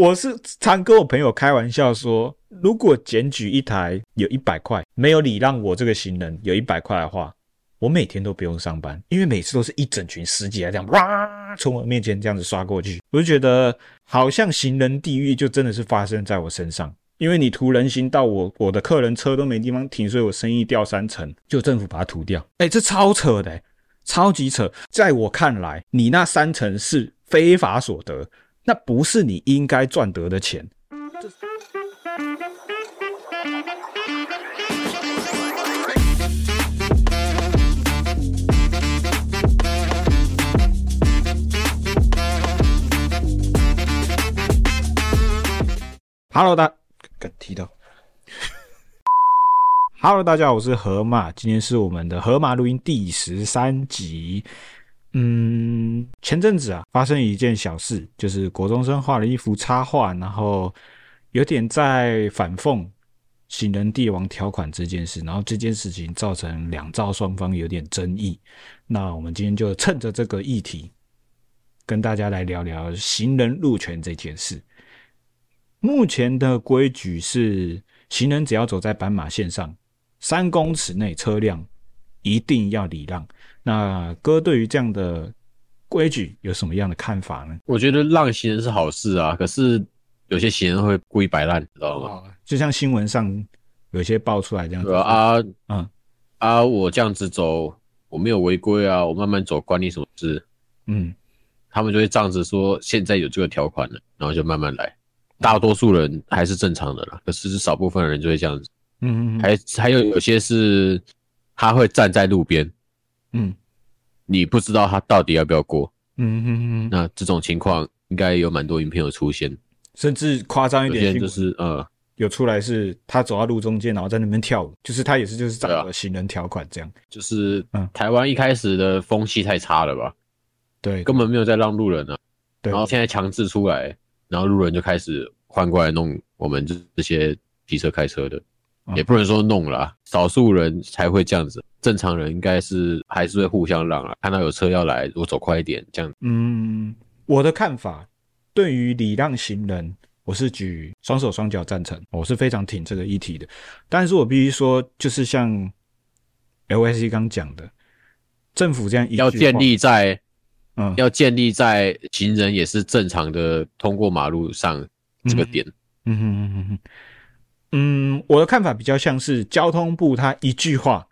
我是常跟我朋友開玩笑說，如果檢舉一台有一百塊，沒有禮讓我這個行人有一百塊的話，我每天都不用上班，因為每次都是一整群司機來這樣哇從我面前這樣子刷過去，我就覺得好像行人地獄就真的是發生在我身上，因為你塗人行道，我我的客人車都沒地方停，所以我生意掉三成就政府把它塗掉，誒這超扯的，超級扯，在我看來，你那三成是非法所得。那不是你應該賺得的錢。是 Hello，大敢提到。 Hello，大家好，我是河馬，今天是我們的河馬路音第十三集。嗯，前陣子啊，發生一件小事，就是國中生畫了一幅插畫，然後有點在反諷“行人帝王條款”這件事，然後這件事情造成兩造雙方有點爭議。那我們今天就趁着這個議題，跟大家來聊聊行人路權這件事。目前的規矩是，行人只要走在斑馬線上三公尺內，車輛一定要禮讓。那哥對於這樣的規矩有什麼樣的看法呢？我覺得讓行人是好事啊，可是有些行人會故意擺爛，知道嗎？就像新聞上有些爆出來這樣子啊、嗯、啊，啊，我這樣子走，我沒有違規啊，我慢慢走，關你什麼事？嗯，他們就會仗着說現在有這個條款了，然後就慢慢來。大多數人還是正常的啦，可是是少部分人就會這樣子，嗯、嗯、嗯，還還有有些是他會站在路邊。嗯，你不知道他到底要不要過。嗯嗯嗯，那這種情況應該有蠻多影片有出現，甚至誇張一點，就是呃，嗯、有出來是他走到路中間，然後在那邊跳舞，就是他也是就是找個行人條款這樣。啊、就是嗯，台灣一開始的風氣太差了吧？嗯、對，對，根本沒有在讓路人啊，然後現在強制出來，然後路人就開始換過來弄我們這這些騎車開車的。也不能說弄了，啊，嗯、少數人才會這樣子，正常人應該是還是會互相讓啊。看到有車要來，我走快一點，這樣子。嗯，我的看法，對於禮讓行人，我是舉雙手雙腳贊成，我是非常挺這個議題的。但是我必須說，就是像 LSC 剛講的，政府這樣一要建立在，嗯、要建立在行人也是正常的通過馬路上這個點。嗯嗯嗯嗯。嗯哼嗯哼嗯，我的看法比較像是交通部，他一句話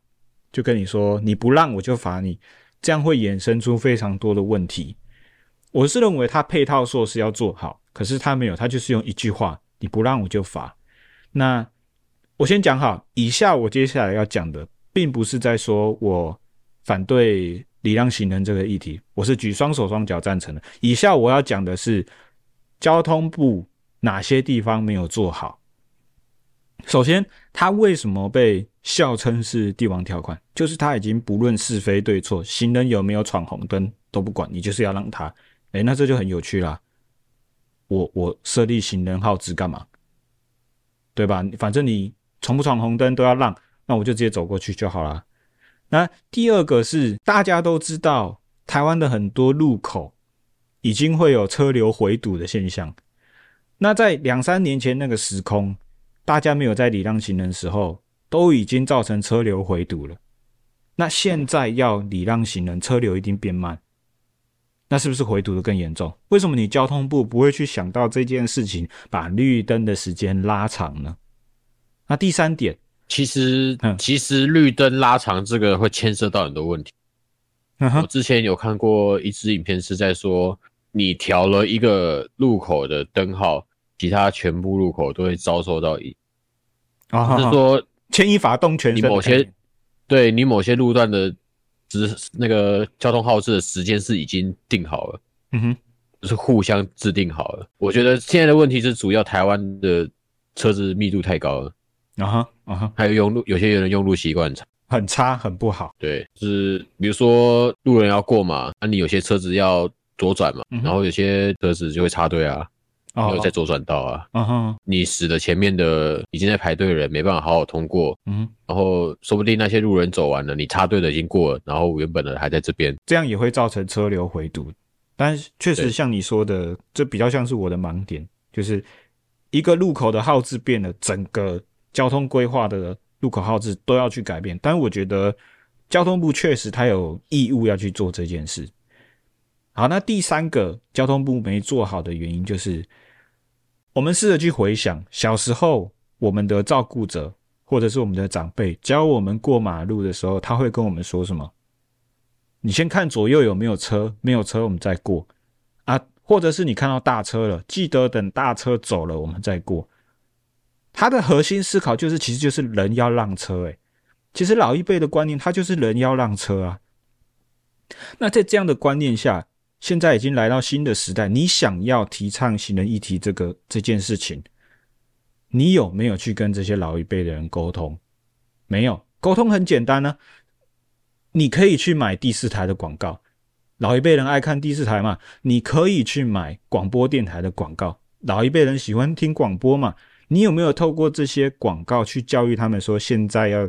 就跟你說，你不讓我就罰你，這樣會衍生出非常多的問題。我是認為他配套措施要做好，可是他沒有，他就是用一句話，你不讓我就罰。那我先講好，以下我接下來要講的，並不是在說我反對禮讓行人這個議題，我是舉雙手雙腳贊成的。以下我要講的是交通部哪些地方沒有做好。首先，他為什麼被笑稱是帝王條款？就是他已經不論是非對錯，行人有沒有闖紅燈都不管，你就是要讓他，誒、欸，那這就很有趣啦。我我設立行人號志幹嘛？對吧？反正你闖不闖紅燈都要讓，那我就直接走過去就好了。那第二個是大家都知道，台灣的很多路口已經會有車流回堵的現象。那在兩三年前那個時空。大家沒有在禮讓行人的時候，都已經造成車流回堵了。那現在要禮讓行人，車流一定變慢，那是不是回堵的更嚴重？為什麼你交通部不會去想到這件事情，把綠燈的時間拉長呢？那第三點，其實其實綠燈拉長這個會牽涉到很多問題。嗯哼？我之前有看過一支影片，是在說你調了一個路口的燈號。其他全部路口都會遭受到一、oh, 啊，就是說牽一髮動全身。你某些對你某些路段的，是那個交通號志的時間是已經定好了，嗯哼，是互相制定好了。我覺得現在的問題是主要台灣的車子密度太高了啊哈啊哈，還有用路有些人的用路習慣很差，很差，很不好。對，就是比如說路人要過嘛，那、啊、你有些車子要左轉嘛，嗯、哼然後有些車子就會插隊啊。又在左轉道啊，嗯哼，你使得前面的已經在排隊的人沒辦法好好通過，嗯，然後說不定那些路人走完了，你插隊的已經過了，然後原本的還在這邊，這樣也會造成車流回堵。但是確實像你說的，這比較像是我的盲點，就是一個路口的號誌變了，整個交通規劃的路口號誌都要去改變。但我覺得交通部確實他有義務要去做這件事。好，那第三個交通部沒做好的原因就是。我們試着去回想小時候，我們的照顧者或者是我們的長輩教我們過馬路的時候，他會跟我們說什麼？你先看左右有沒有車，沒有車我們再過啊，或者是你看到大車了，記得等大車走了我們再過。他的核心思考就是，其實就是人要讓車、欸。哎，其實老一輩的觀念，他就是人要讓車啊。那在這樣的觀念下。現在已經來到新的時代，你想要提倡行人議題這個這件事情，你有沒有去跟這些老一輩的人溝通？沒有，溝通很簡單呢、啊，你可以去買第四台的廣告，老一輩人愛看第四台嘛，你可以去買廣播電台的廣告，老一輩人喜歡聽廣播嘛，你有沒有透過這些廣告去教育他們說，現在要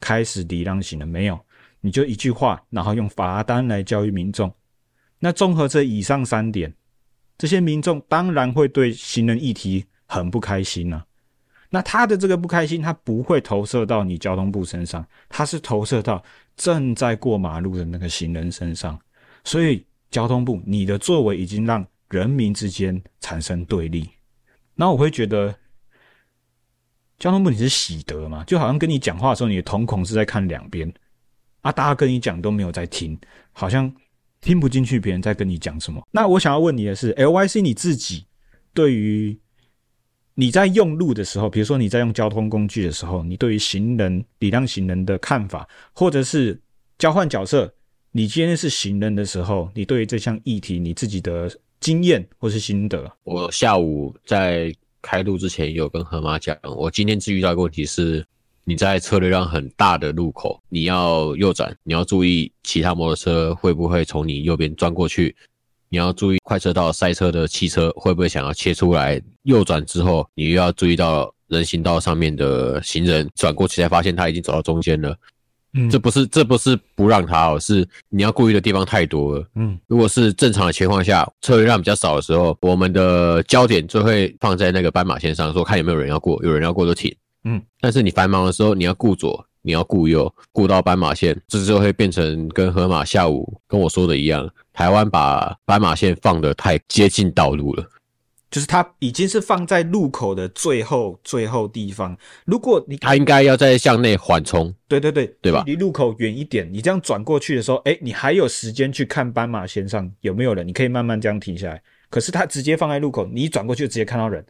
開始禮讓行人？沒有，你就一句話，然後用罰單來教育民眾。那綜合這以上三點，這些民眾當然會對行人議題很不開心了、啊。那他的這個不開心，他不會投射到你交通部身上，他是投射到正在過馬路的那個行人身上。所以交通部，你的作為已經讓人民之間產生對立。那我會覺得，交通部你是喜得嘛？就好像跟你講話的時候，你的瞳孔是在看兩邊啊，大家跟你講都沒有在聽，好像。聽不進去別人在跟你講什麼。那我想要問你的是，LYC 你自己對於你在用路的時候，比如說你在用交通工具的時候，你對於行人禮讓行人的看法，或者是交換角色，你今天是行人的時候，你對於這項議題你自己的經驗或是心得？我下午在開錄之前有跟河馬講，我今天自遇到一個問題是。你在車流量很大的路口，你要右轉，你要注意其他摩托車會不會從你右邊鑽過去，你要注意快車道塞車的汽車會不會想要切出來。右轉之後，你又要注意到人行道上面的行人轉過去才發現他已經走到中間了。嗯，這不是這不是不讓他、哦，而是你要顧慮的地方太多了。嗯，如果是正常的情況下，車流量比較少的時候，我們的焦點就會放在那個斑馬線上，說看有沒有人要過，有人要過就停。嗯，但是你繁忙的時候，你要顧左，你要顧右，顧到斑馬線，這就會變成跟河馬下午跟我說的一樣，台灣把斑馬線放得太接近道路了，就是它已經是放在路口的最後最後地方。如果你它應該要再向內緩衝，對對對，對吧？離路口遠一點，你這樣轉過去的時候，哎、欸，你還有時間去看斑馬線上有沒有人，你可以慢慢這樣停下來。可是它直接放在路口，你一轉過去就直接看到人，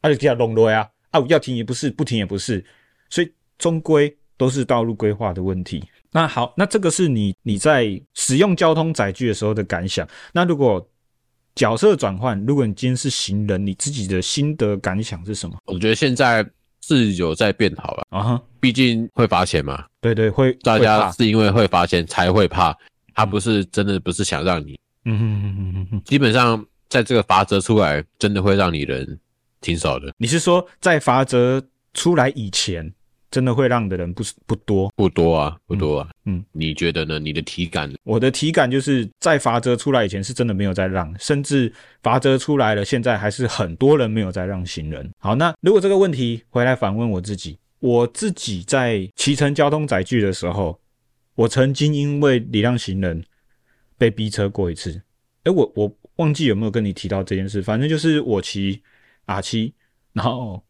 它就比較容易啊。啊，要停也不是，不停也不是，所以終歸都是道路規劃的問題。那好，那這個是你你在使用交通載具的時候的感想。那如果角色轉換，如果你今天是行人，你自己的心得感想是什麼？我覺得現在是有在變好了啊，uh huh. 畢竟會罰錢嘛。對對，會大家是因為會罰錢才會怕，會怕。他不是真的不是想讓你。嗯嗯哼，哼，嗯哼，哼，基本上在這個罰則出來，真的會讓你人。挺少的。你是說在罰則出來以前，真的會讓的人不是不多？不多啊，不多啊。嗯，嗯，你覺得呢？你的體感？我的體感就是在罰則出來以前，是真的沒有在讓，甚至罰則出來了，現在還是很多人沒有在讓行人。好，那如果這個問題回來反問我自己，我自己在騎乘交通載具的時候，我曾經因為禮讓行人被逼車過一次。誒、欸，我我忘記有沒有跟你提到這件事，反正就是我騎。啊七，7, 然後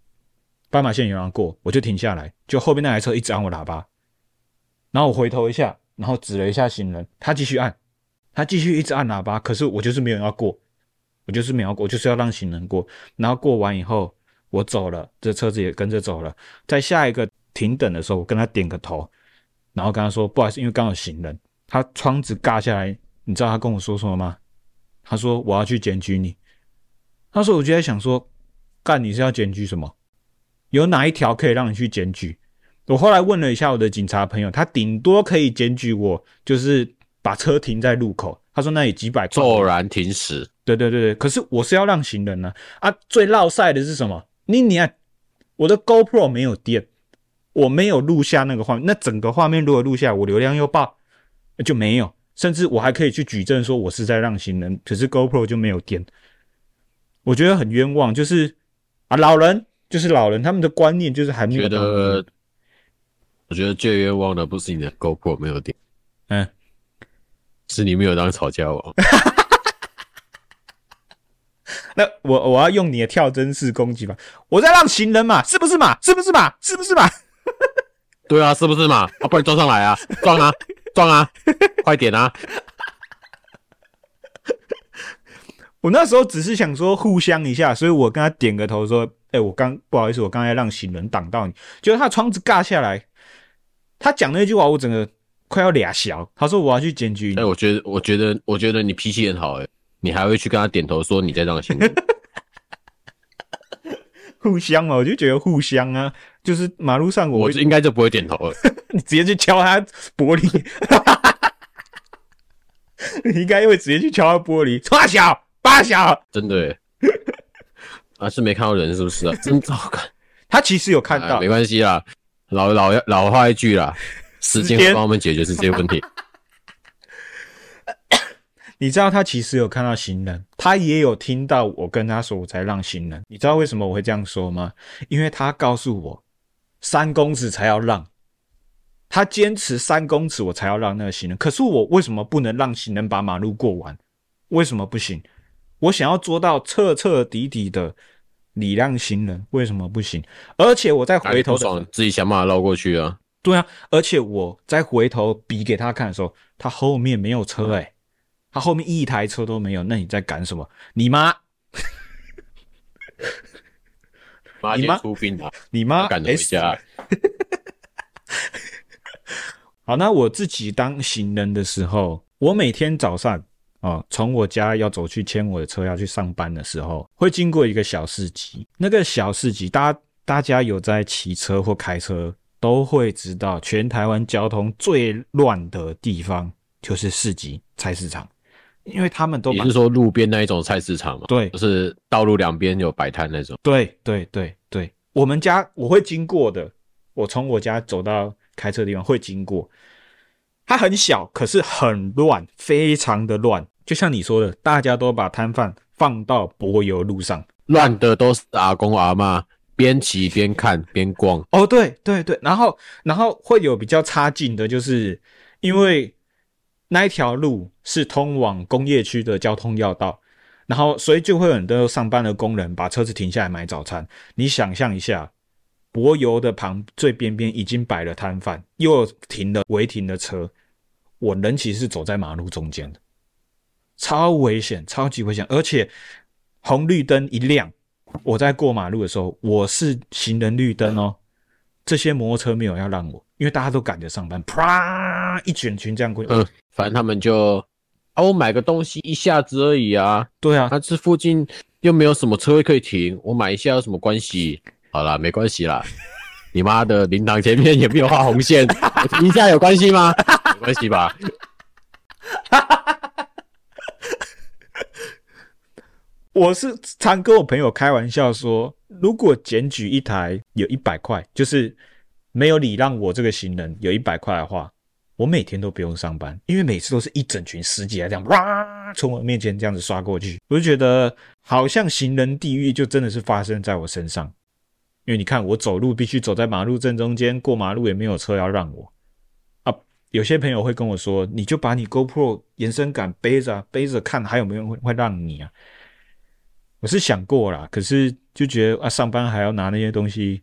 斑馬線有人過，我就停下來，就後邊那台車一直按我喇叭，然後我回頭一下，然後指了一下行人，他繼續按，他繼續一直按喇叭，可是我就是沒有要過，我就是沒有要過，我就是要讓行人過。然後過完以後，我走了，這車子也跟着走了。在下一個停等的時候，我跟他點個頭，然後跟他說：“不好意思，因為剛好行人。”他窗子尬下來，你知道他跟我說什麼嗎？他說：“我要去檢舉你。”他說，我就在想說。但你是要檢舉什麼？有哪一條可以讓你去檢舉？我後來問了一下我的警察朋友，他頂多可以檢舉我，就是把車停在路口。他說那裡幾百塊，驟然停駛。對對對對，可是我是要讓行人呢啊，啊！最烙賽的是什麼？你你看、啊，我的 GoPro 沒有電，我沒有錄下那個畫面。那整個畫面如果錄下來，我流量又爆，就沒有。甚至我還可以去舉證說我是在讓行人，可是 GoPro 就沒有電，我覺得很冤枉，就是。啊，老人就是老人，他們的觀念就是還沒有。覺得，我覺得最冤枉的不是你的 GoPro 沒有電，嗯，是你沒有當吵架王。 那我我要用你的跳針式攻擊吧，我在讓行人嘛，是不是嘛？是不是嘛？是不是嘛？ 對啊，是不是嘛？啊，不然你撞上來啊！撞啊！ 撞啊！啊 快點啊！我那時候只是想說互相一下，所以我跟他點個頭說：“哎、欸，我剛不好意思，我剛才讓行人擋到你，就是他窗子嘎下來。”他講那句話，我整個快要倆小。他說我要去檢舉你。哎、欸，我覺得，我覺得，我覺得你脾氣很好、欸。哎，你還會去跟他點頭說你在讓行人？ 互相嘛，我就覺得互相啊，就是馬路上我，我應該就不會點頭了， 你，直接， 你直接去敲他玻璃。你應該會直接去敲他玻璃，從小。八小，真的耶 啊，是沒看到人是不是啊？真糟糕！ 他其實有看到，哎、沒關係啦。老老老話一句啦，時間會幫我們解決這些問題。 你知道他其實有看到行人，他也有聽到我跟他說我才讓行人。你知道為什麼我會這樣說嗎？因為他告訴我，三公尺才要讓，他堅持三公尺我才要讓那個行人。可是我為什麼不能讓行人把馬路過完？為什麼不行？我想要做到徹徹底底的禮讓行人，為什麼不行？而且我再回頭爽自己想辦法繞過去啊。對啊，而且我再回頭比給他看的時候，他後面沒有車哎、欸，他後面一台車都沒有，那你在趕什麼？你媽！你媽出兵了，你媽趕回家。媽 S. 好，那我自己當行人的時候，我每天早上，哦，從我家要走去牽我的車要去上班的時候，會經過一個小市集。那個小市集，大家大家有在騎車或開車都會知道，全台灣交通最亂的地方就是市集菜市場，因為他們都也是說路邊那一種菜市場嘛，對，就是道路兩邊有擺攤那種。對對對對，我們家我會經過的，我從我家走到開車的地方會經過。它很小，可是很亂，非常的亂。就像你說的，大家都把攤販放到柏油路上，亂的都是阿公阿嬤邊騎邊看邊逛。哦，對對對，然後然後會有比較差勁的，就是因為那一條路是通往工業區的交通要道，然後所以就會有很多上班的工人把車子停下來買早餐。你想象一下，柏油的旁最邊邊已經擺了攤販，又停了違停的車。我人其實是走在馬路中間的，超危險，超級危險！而且紅綠燈一亮，我在過馬路的時候，我是行人綠燈哦。這些摩托車沒有要讓我，因為大家都趕着上班，啪一卷群這樣過。嗯，反正他們就啊、哦，我買個東西一下子而已啊。對啊，他、啊、這附近又沒有什麼車位可以停，我買一下有什麼關係？好啦，沒關係啦。 你媽的靈堂前面也沒有畫紅線。 一下有關係嗎？關係吧，哈哈哈哈哈！我是常跟我朋友開玩笑說，如果檢舉一台有一百塊，就是沒有禮讓我這個行人有一百塊的話，我每天都不用上班，因為每次都是一整群司機來這樣，哇，從我面前這樣子刷過去，我就覺得好像行人地獄就真的是發生在我身上。因為你看，我走路必須走在馬路正中間，過馬路也沒有車要讓我。有些朋友會跟我說：“你就把你 GoPro 延伸杆背着啊，背着看還有沒有人會讓你啊？”我是想過啦，可是就覺得啊，上班還要拿那些東西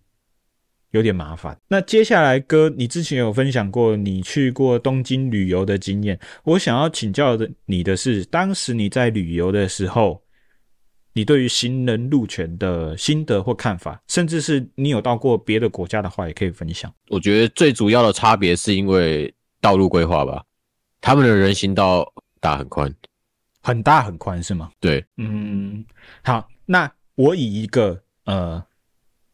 有點麻煩。那接下來哥，你之前有分享過你去過東京旅遊的經驗，我想要請教的你的是，當時你在旅遊的時候，你對於行人路權的心得或看法，甚至是你有到過別的國家的話，也可以分享。我覺得最主要的差別是因為。道路規劃吧，他們的人行道大很寬。很大很寬是嗎？對，嗯，好，那我以一個呃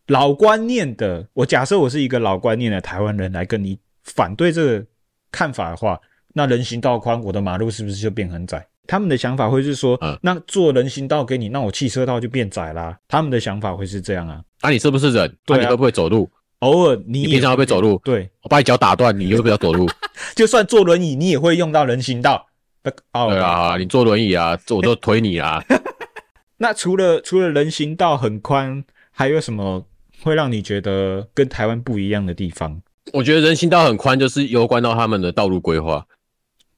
老觀念的，我假設我是一個老觀念的台灣人來跟你反對這個看法的話，那人行道寬，我的馬路是不是就變很窄？他們的想法會是說，嗯、那做人行道給你，那我汽車道就變窄啦、啊。他們的想法會是這樣啊？那、啊、你是不是人？對、啊啊、你會不會走路？偶爾你，你平常會被走路，對，我把你腳打斷，你又會不要走路。 就算坐輪椅，你也會用到人行道。Oh, okay. 對啊，啊，你坐輪椅啊，我都推你啊。 那除了除了人行道很寬，還有什麼會讓你覺得跟台灣不一樣的地方？我覺得人行道很寬，就是有關到他們的道路規劃。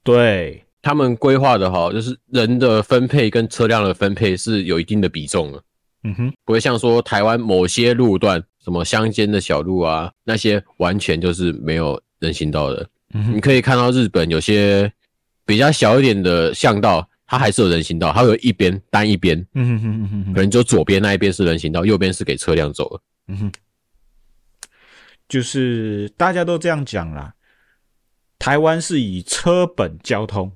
對他們規劃的好，就是人的分配跟車輛的分配是有一定的比重的。嗯哼，不會像說台灣某些路段。什麼鄉間的小路啊，那些完全就是沒有人行道的。嗯哼，你可以看到日本有些比較小一點的巷道，它還是有人行道，還有一邊單一邊，嗯哼嗯嗯，可能就左邊那一邊是人行道，右邊是給車輛走了。嗯。就是大家都這樣講啦，台灣是以車本交通，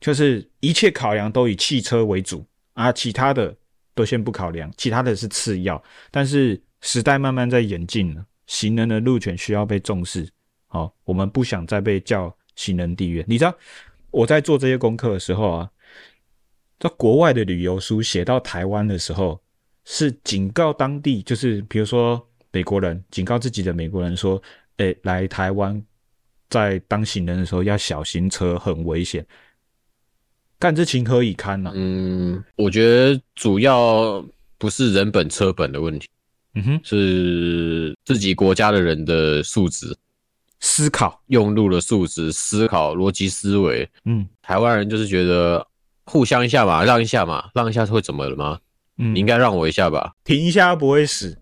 就是一切考量都以汽車為主啊，其他的都先不考量，其他的是次要，但是，時代慢慢在演進了，行人的路權需要被重視。好，哦，我們不想再被叫行人地獄。你知道我在做這些功課的時候啊，在國外的旅遊書寫到台灣的時候，是警告當地，就是比如說美國人警告自己的美國人說：“誒、欸，來台灣，在當行人的時候要小心車，很危險。”幹這情何以堪呢，啊？嗯，我覺得主要不是人本車本的問題。嗯哼，是自己國家的人的素質考，思考用入了素質思考邏輯思維。嗯，台灣人就是覺得互相一下嘛，讓一下嘛，讓一下會怎麼了嗎？嗯，應該讓我一下吧，停一下又不會死，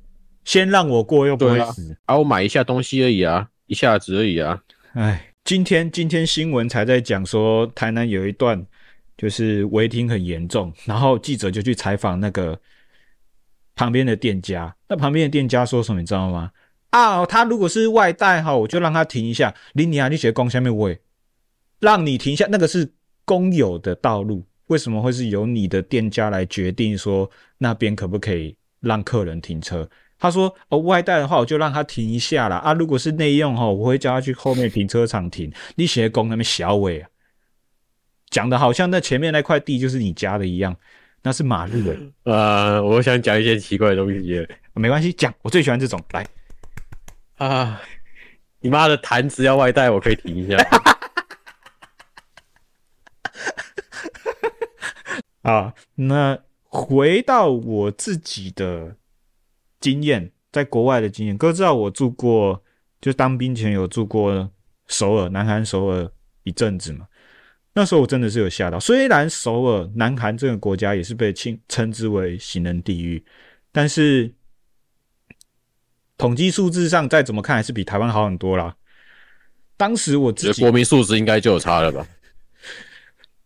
先讓我過又不會死啊，啊我買一下東西而已啊，一下子而已啊。哎，今天今天新聞才在講說，台南有一段就是違停很嚴重，然後記者就去採訪那個。旁邊的店家，那旁邊的店家說什麼你知道嗎？啊、哦，他如果是外帶哈，我就讓他停一下。林你啊，你學工下面喂，讓你停下，那個是公有的道路，為什麼會是由你的店家來決定說那邊可不可以讓客人停車？他說哦，外帶的話我就讓他停一下啦。啊。如果是內用哈，我會叫他去後面停車場停。你學工那邊小偉、啊，講的好像那前面那塊地就是你家的一樣。那是馬律的，呃，我想講一些奇怪的東西，沒關係，講，我最喜歡這種，來，啊，你媽的，壇子要外帶，我可以停一下，啊， 好，那回到我自己的經驗，在國外的經驗，哥知道我住過，就當兵前有住過首爾，南韓首爾一陣子嘛。那時候我真的是有嚇到，雖然首爾、南韓這個國家也是被稱稱之為“行人地獄”，但是統計數字上再怎麼看，還是比台灣好很多啦。當時我自己國民素質應該就有差了吧？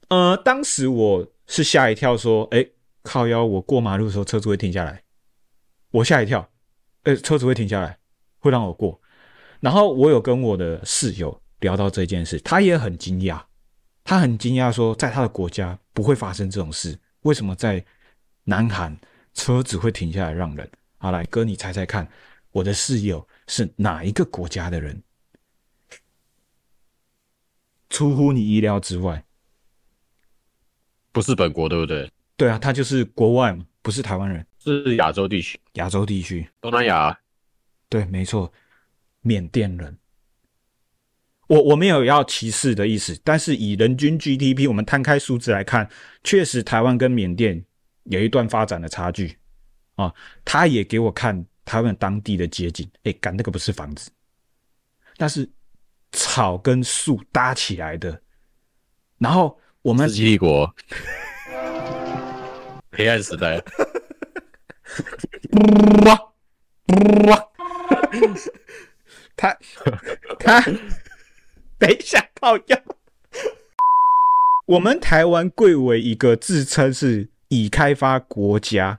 呃、嗯，當時我是嚇一跳，說：“哎、欸，靠腰！我過馬路的時候，車子會停下來，我嚇一跳。哎、欸，車子會停下來，會讓我過。”然後我有跟我的室友聊到這件事，他也很驚訝。他很驚訝說，在他的國家不會發生這種事，為什麼在南韓車子會停下來讓人？好來哥，你猜猜看，我的室友是哪一個國家的人？出乎你意料之外，不是本國，對不對？對啊，他就是國外嘛，不是台灣人，是亞洲地區，亞洲地區，東南亞，對，沒錯，緬甸人。我我沒有要歧視的意思，但是以人均 GDP，我們攤開數字來看，確實台灣跟緬甸有一段發展的差距。啊，他也給我看台灣當地的街景，哎，幹那個不是房子，那是草跟樹搭起來的。然後我們。司機帝國。黑暗時代。他他。等一下，靠腰，我們台灣貴為一個自稱是已開發國家，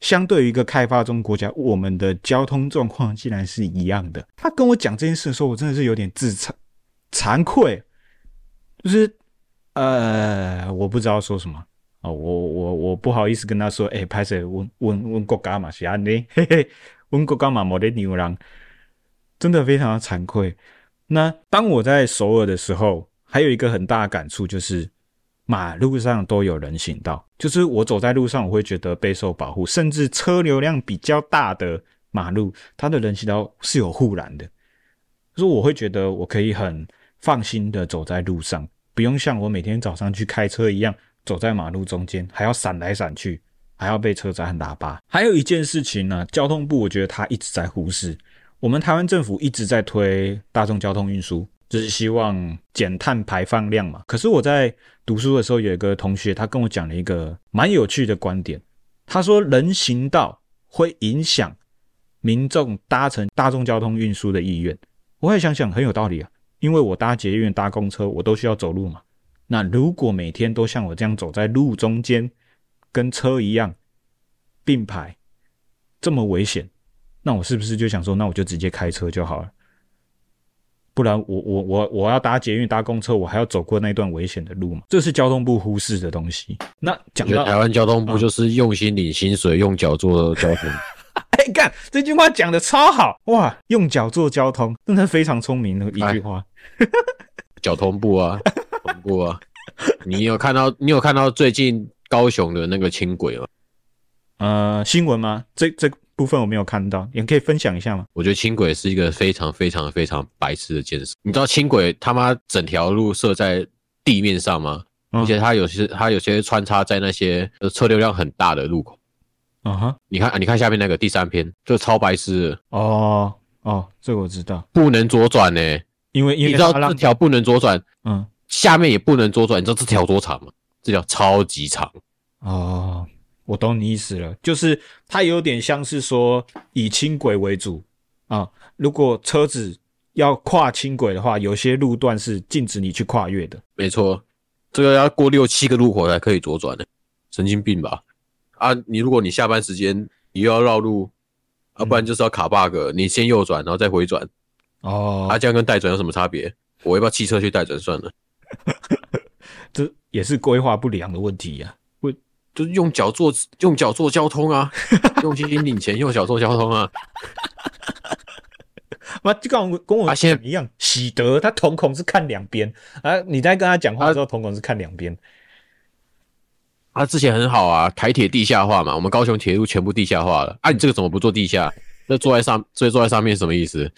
相對於一個開發中國家，我們的交通狀況竟然是一樣的。他跟我講這件事的時候，我真的是有點自慚慚愧，就是呃，我不知道說什麼哦，我我我不好意思跟他說，哎、欸，拍攝問問問過家嘛？是啊，你嘿嘿，問過家嘛？沒得牛郎，真的非常的慚愧。那當我在首爾的時候，還有一個很大的感觸就是，馬路上都有人行道，就是我走在路上，我會覺得備受保護，甚至車流量比較大的馬路，它的人行道是有護欄的，所以我會覺得我可以很放心的走在路上，不用像我每天早上去開車一樣，走在馬路中間還要閃來閃去，還要被車子按喇叭。還有一件事情呢、啊，交通部我覺得他一直在忽視。我們台灣政府一直在推大眾交通運輸，就是希望減碳排放量嘛。可是我在讀書的時候，有一個同學他跟我講了一個蠻有趣的觀點，他說人行道會影響民眾搭乘大眾交通運輸的意願。我也想想，很有道理啊，因為我搭捷運、搭公車，我都需要走路嘛。那如果每天都像我這樣走在路中間，跟車一樣並排，這麼危險。那我是不是就想說，那我就直接開車就好了？不然我我我我要搭捷運搭公車，我還要走過那段危險的路嘛？這是交通部忽視的東西。那講到台灣交通部，就是用心領薪水，哦、用腳做交通。 哎，幹這句話講得超好哇！用腳做交通，真的非常聰明的、那個、一句話。交、哎、 通部啊，腳通部啊，你有看到你有看到最近高雄的那個輕軌嗎？呃，新聞嗎？這這。部分我沒有看到，你們可以分享一下嗎？我覺得輕軌是一個非常非常非常白痴的建設。你知道輕軌他媽整條路設在地面上嗎？嗯、而且它有些它有些穿插在那些車流量很大的路口。啊哈，你看你看下面那個第三篇就超白痴。哦哦，這個我知道，不能左轉呢、欸，因為你知道這條不能左轉，嗯，下面也不能左轉，你知道這條多長嗎？這條超級長。哦。我懂你意思了，就是它有點像是說以輕軌為主啊、嗯。如果車子要跨輕軌的話，有些路段是禁止你去跨越的。沒錯，這個要過六七個路口才可以左轉的，神經病吧？啊，你如果你下班時間你又要繞路，啊，不然就是要卡 bug、嗯。你先右轉，然後再回轉。哦，啊，這樣跟待轉有什麼差別？我要不要汽車去待轉算了？ 這也是規劃不良的問題呀、啊。就是用腳做用腳做交通啊， 用現金領錢，用腳做交通啊。媽就 跟我跟我他現在一樣，喜德他瞳孔，是看兩邊啊。你在跟他講話的時候，啊、瞳孔是看兩邊。他、啊、之前很好啊，台鐵地下化嘛，我們高雄鐵路全部地下化了。哎、啊，你這個怎麼不坐地下？那坐在上， 所以坐在上面什麼意思？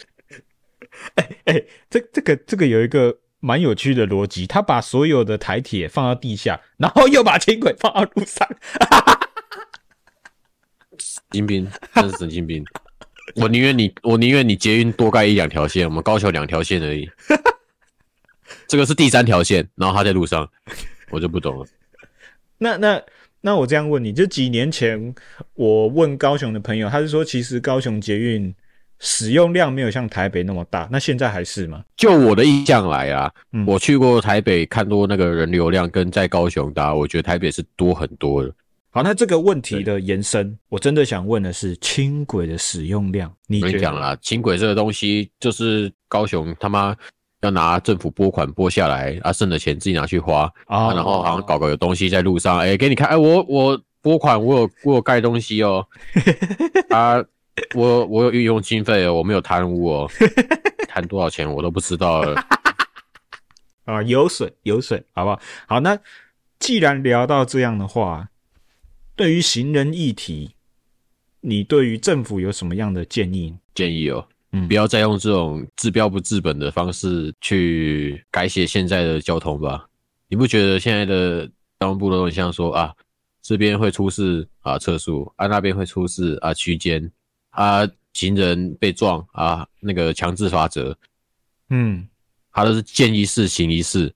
哎哎、欸欸，這這個這個有一個。蠻有趣的邏輯，他把所有的台鐵放到地下，然後又把輕軌放到路上，神經病，真是神經病。 我寧願你，我寧願你捷運多蓋一兩條線，我們高雄兩條線而已。 這個是第三條線，然後他在路上，我就不懂了。那那 那，那那我這樣問你，就幾年前我問高雄的朋友，他是說其實高雄捷運。使用量沒有像台北那麼大，那現在還是嗎？就我的印象來啊，嗯、我去過台北，看過那個人流量，跟在高雄搭、啊，我覺得台北是多很多的。好，那這個問題的延伸，對我真的想問的是輕軌的使用量，你講啦，輕軌這個東西，就是高雄他媽要拿政府撥款撥下來啊，剩的錢自己拿去花、oh、啊，然後好像搞個有東西在路上，誒、欸、給你看，誒、欸、我我撥款，我有我有蓋東西哦，啊。 我我有運用經費哦，我沒有貪污哦，貪多少錢我都不知道， 啊，有損有損，好不好？好，那既然聊到這樣的話，對於行人議題，你對於政府有什麼樣的建議？建議哦，嗯，你不要再用這種治標不治本的方式去改寫現在的交通吧。你不覺得現在的交通部都很像說啊，這邊會出事啊，測速啊，那邊會出事啊，區間。啊，行人被撞啊，那個強制罰則，嗯，他都是見一事行一事，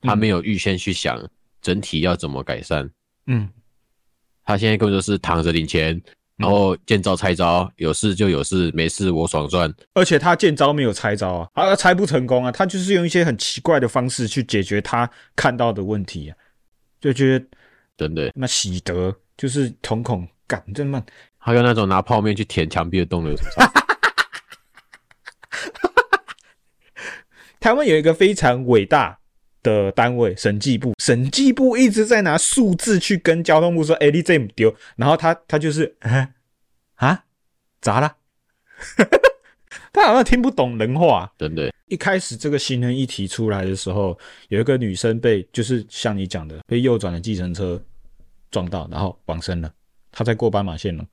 他沒有預先去想整體要怎麼改善，嗯，他現在根本就是躺着領錢，然後見招拆招，有事就有事，沒事我爽賺，而且他見招沒有拆招啊，他拆不成功啊，他就是用一些很奇怪的方式去解決他看到的問題，啊，就覺得，真的，那喜得就是瞳孔感這慢。還有那種拿泡麵去舔牆壁的哈哈。 台灣有一個非常偉大的單位——審計部，審計部一直在拿數字去跟交通部說“ a、欸、你這麼丟”，然後他、嗯、他就是啊，咋、啊、了？ 他好像聽不懂人話。對不對？一開始這個新聞一提出來的時候，有一個女生被就是像你講的被右轉的計程車撞到，然後往生了。她在過斑馬線了。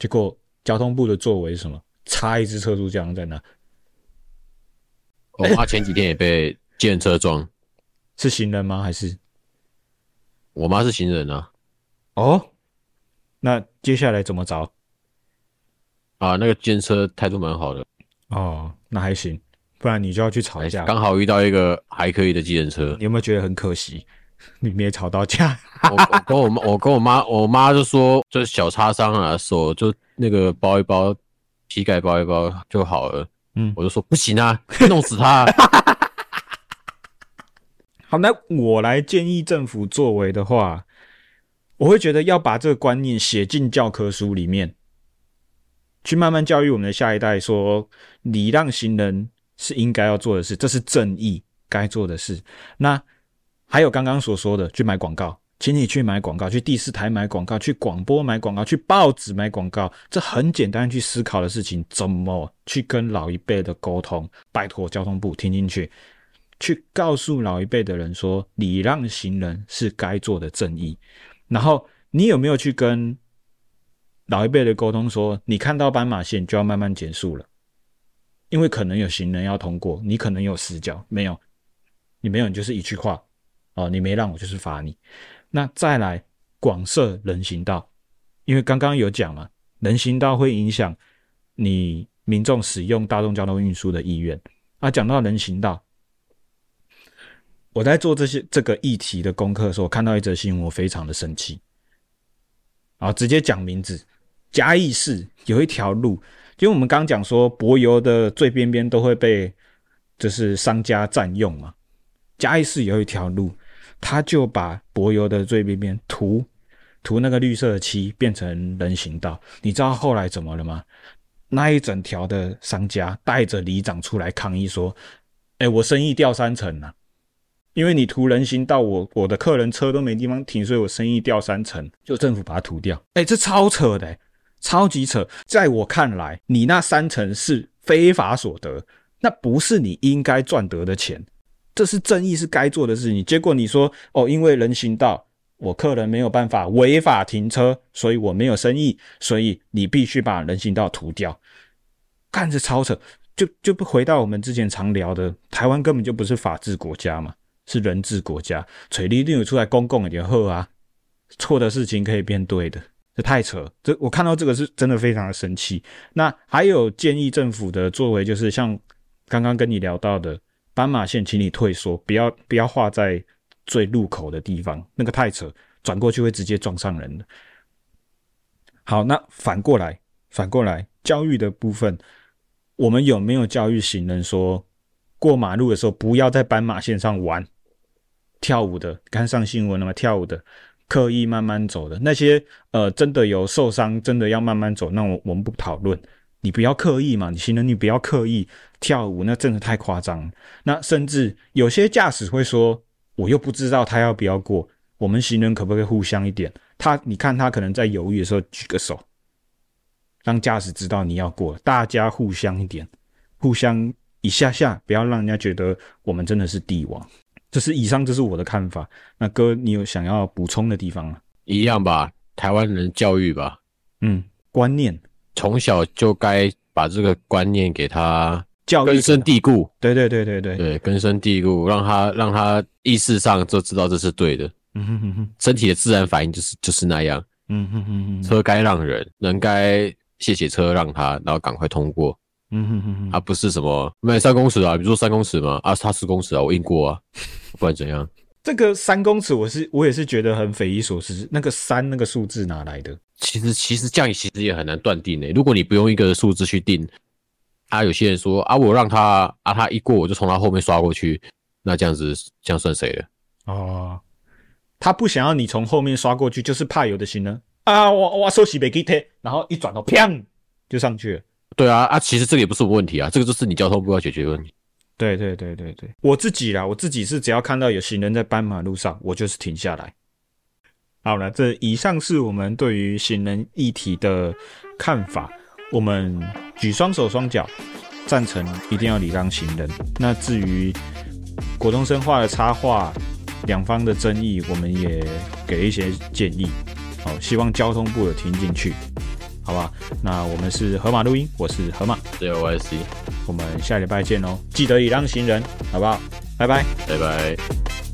結果交通部的作為是什麼？插一支測速槍在哪？我媽、哦啊、前幾天也被機車撞， 是行人嗎？還是我媽是行人啊？哦，那接下來怎麼着？啊，那個機車態度蠻好的哦，那還行，不然你就要去吵一下。剛好遇到一個還可以的機車，你有沒有覺得很可惜？你沒吵到架， 我跟我媽，我跟我媽，我媽就說，就是小擦傷啊，手就那個包一包，膝蓋包一包就好了。嗯，我就說不行啊，弄死他、啊。 好，那我來建議政府作為的話，我會覺得要把這個觀念寫進教科書裡面，去慢慢教育我們的下一代說，說禮讓行人是應該要做的事，這是正義該做的事。那。還有剛剛所說的去買廣告，請你去買廣告，去第四台買廣告，去廣播買廣告，去報紙買廣告。這很簡單，去思考的事情，怎麼去跟老一輩的溝通？拜托交通部聽進去，去告訴老一輩的人說，禮讓行人是該做的正義。然後你有沒有去跟老一輩的溝通說，你看到斑馬線就要慢慢減速了，因為可能有行人要通過，你可能有死角，沒有，你沒有，你就是一句話。哦，你沒讓我就是罰你。那再來廣設人行道，因為剛剛有講了啊，人行道會影響你民眾使用大眾交通運輸的意願。啊，講到人行道，我在做這些這個議題的功課的時候，我看到一則新聞，我非常的生氣。啊，直接講名字，嘉義市有一條路，因為我們剛講說，柏油的最邊邊都會被就是商家占用嘛，嘉義市有一條路。他就把柏油的最邊邊塗塗那個綠色的漆，變成人行道。你知道後來怎麼了嗎？那一整條的商家帶着里長出來抗議說：“哎、欸，我生意掉三成了、啊，因為你塗人行道，我我的客人車都沒地方停，所以我生意掉三成。”就政府把它塗掉。哎、欸，這超扯的、欸，超級扯。在我看來，你那三成是非法所得，那不是你應該賺得的錢。這是正義，是該做的事情。結果你說哦，因為人行道，我客人沒有辦法違法停車，所以我沒有生意，所以你必須把人行道塗掉。幹，這超扯，就就不回到我們之前常聊的，台灣根本就不是法治國家嘛，是人治國家。所以一定有出來，公共也喝啊，錯的事情可以變對的，這太扯。這我看到這個是真的非常的生氣。那還有建議政府的作為，就是像剛剛跟你聊到的。斑馬線，請你退縮，不要不要畫在最路口的地方，那個太扯，轉過去會直接撞上人的。好，那反過來，反過來教育的部分，我們有沒有教育行人說，過馬路的時候不要在斑馬線上玩跳舞的？看上新聞了嗎？跳舞的，刻意慢慢走的那些，呃，真的有受傷，真的要慢慢走，那我我們不討論。你不要刻意嘛，你行人你不要刻意跳舞，那真的太誇張。那甚至有些駕駛會說，我又不知道他要不要過，我們行人可不可以互相一點？他你看他可能在猶豫的時候舉個手，讓駕駛知道你要過，大家互相一點，互相一下下，不要讓人家覺得我們真的是帝王。這是以上，這是我的看法。那哥，你有想要補充的地方嗎？一樣吧，台灣人教育吧，嗯，觀念。從小就該把這個觀念給他教育，根深蒂固，對對對對對對，對，根深蒂固，讓他讓他意識上就知道這是對的。嗯哼哼哼，身體的自然反應就是就是那樣。嗯哼哼哼，車該讓人，人該謝謝車讓他，然後趕快通過。嗯哼哼哼，而不是什麼賣三公尺啊，你比如說三公尺嘛，啊，他四公尺啊，我硬過啊，不管怎樣。 這個三公尺，我是我也是覺得很匪夷所思，那個三那個數字哪來的？其實其實這樣其實也很難斷定欸。如果你不用一個數字去定，啊，有些人說啊，我讓他啊，他一過我就從他後面刷過去，那這樣子這樣算誰的？哦，他不想要你從後面刷過去，就是怕有的行人啊，我我收拾沒給他，然後一轉頭，砰就上去了。對啊啊，其實這個也不是我問題啊，這個就是你交通部要解決的問題。對,對對對對對，我自己啦，我自己是只要看到有行人在斑馬路上，我就是停下來。好了，這以上是我們對於行人議題的看法，我們舉雙手雙腳贊成，一定要禮讓行人。那至於國中生畫的插畫兩方的爭議，我們也給一些建議。好、哦，希望交通部有聽進去，好吧？那我們是河馬路音，我是河馬 J O S C，我，我們下禮拜見哦。記得禮讓行人，好不好？拜拜，拜拜。